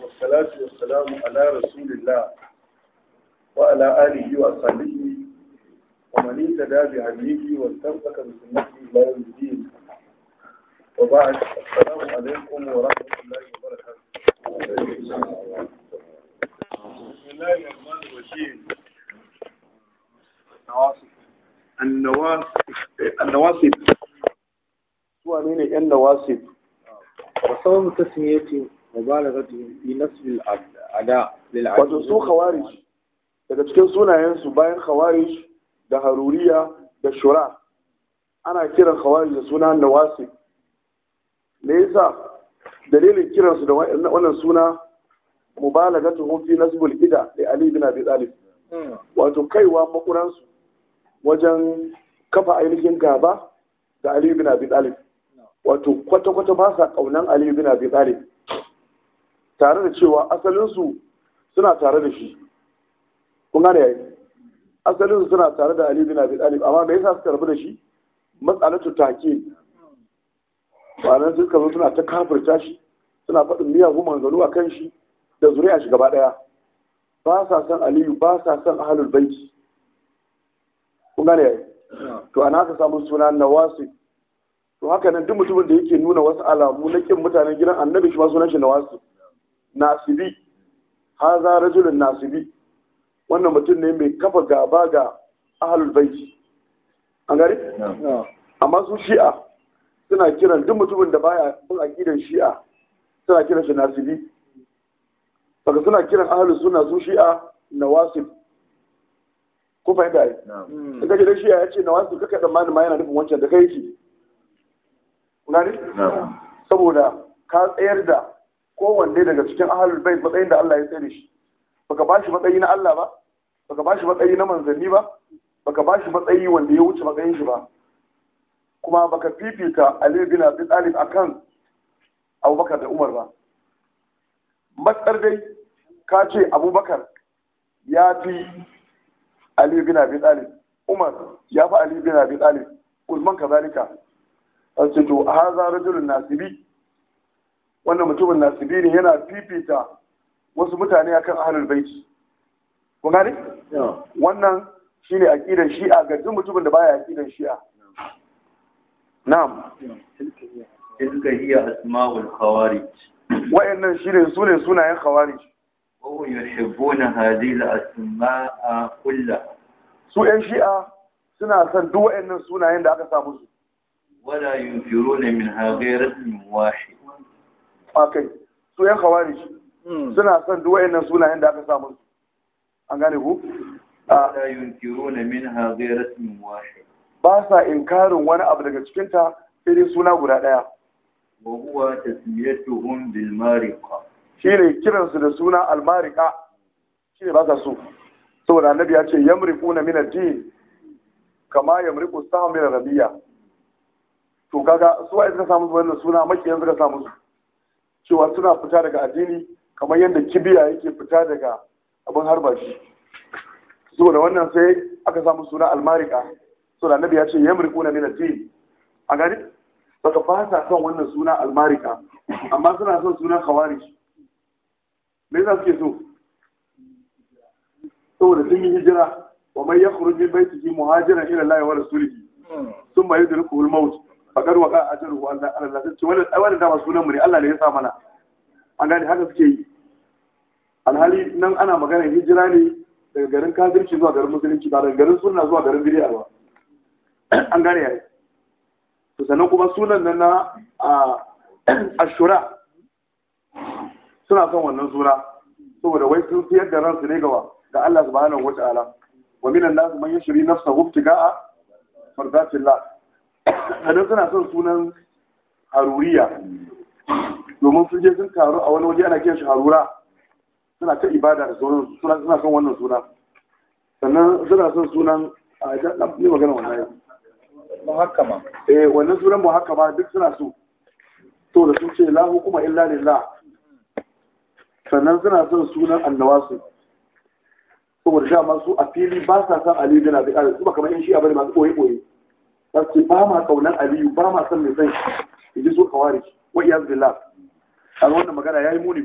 والصلاة والسلام على رسول الله وعلى آله وصحبه ومن اهتدى بهديه واستمسك بسنته إلى يوم الدين وبعد السلام عليكم ورحمة الله وبركاته بسم الله الرحمن الرحيم النواصب سؤالين النواصب وسبب تسميته fi ada lil wato su khawarij daga cikin sunayensu bayan khawarij da haruriya da shura ana kiran khawarij da suna nawasi me yasa dalilin kiransu da wannan suna mubalagatuhum fi nasbul ida li ali bin abi talib hmm. wato kaiwa makuransu wajen kafa ainihin gaba da ali bin abi talib wato kwata-kwata ba sa kaunan ali bin abi talib tare da cewa asalinsu suna tare da shi kun gane yayi asalinsu suna tare da alibi na Abi Talib amma me yasa suka rabu da shi matsalatu take wannan su kaza suna ta kafirta shi suna faɗin goma manzalu a kan shi da zuriya shi gaba ɗaya ba sa son aliyu ba sa son ahalul baiti kun gane yayi to ana aka samu suna nawasi to haka nan duk mutumin da yake nuna wasu alamu na kin mutanen gidan annabi shi ma sunan shi nawasi nasibi haza rajulun nasibi wannan mutum ne mai kafa gaba ga ahlul baiti an gari amma su shi'a suna kiran duk mutumin da baya bin aqidan shi'a suna kiran shi nasibi daga suna kiran ahlus sunna su shi'a nawasib ko fahimta yi. in kaje dan shi'a yace nawasib kaka da malama yana nufin wancan da kai yake kun gani saboda ka tsayar da kowanne daga cikin ahalul bai matsayin da Allah ya tsare shi baka bashi matsayi na Allah ba baka bashi matsayi na manzanni ba baka bashi matsayi wanda ya wuce matsayin shi ba kuma baka fifita Ali bin Abi Talib akan Abubakar da Umar ba matsar dai ka ce Abubakar ya fi Ali bin Abi Talib Umar ya fi Ali bin Abi Talib Usman kazalika sai to haza rajulun nasibi wannan mutumin nasibini yana fifita wasu mutane akan ahlul baiti kun gane wannan shine aqidar shi'a ga duk mutumin da baya aqidar shi'a na'am tilka hiya asma'ul khawarij wa'annan shine sune sunayen khawarij وهم يحبون هذه asma'a كلها su ‘yan shi'a suna son duk waɗannan sunayen da aka samu su. Wala yunfiruna min hagairar wahi. A kai su yan khawarij hmm. suna son duk wayannan sunayen da aka sa musu an gane ku ah. la yunkiruna min ghayra ismin wahid ba sa inkarin wani abu daga cikin ta irin suna guda daya wa huwa tasmiyatuhum bil mariqa shine kiran su da suna al mariqa shine ba sa so saboda annabi ya ce yamriquna min ad-din kama yamriqu sahm min rabiya to kaga su ai suka samu wannan suna makiyan suka samu su cewa suna fita daga addini kamar yadda kibiya yake fita daga abin harba shi saboda wannan sai aka samu suna almarika da annabi ya ce yamriquna min ad jini, a gani baka ka sa son wannan suna almarika amma suna son sunan khawarij me yasa suke so saboda sun yi hijira wa mai yakhruj min baytihi muhajiran ila Allah wa sun thumma da al-maut faɗar wa a ajaru wa Allah Allah ta ce wannan dama sunan mu ne Allah ne ya sa mana an gane haka suke yi alhali nan ana magana hijira ne daga garin kafirci zuwa garin musulunci ba daga garin sunna zuwa garin bid'a ba an gane yayi to sannan kuma sunan nan na ashura suna son wannan suna saboda wai sun fiyar da ransu ne gaba ga Allah subhanahu wataala wa minan nas man yashri nafsahu ibtiga'a mardatillah sannan suna son sunan haruriya domin sun je sun taru a wani waje ana kiran shi harura suna ta ibada da sauran suna suna son wannan suna sannan suna son sunan a dan ne magana wannan yau muhakkama eh wannan sunan muhakkama duk suna so to da sun ce la hukuma illa lillah sannan suna son sunan annawasu saboda sha masu a fili ba sa san ali bin da su, kuma kamar yan a bari masu koyi koyi za ba ma kaunan aliyu ba ma san mai san shi ji so kawari wa iyaz billah a wannan magana ya yi muni